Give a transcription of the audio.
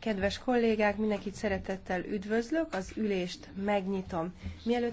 Kedves kollégák, mindenkit szeretettel üdvözlök, az ülést megnyitom. Mielőtt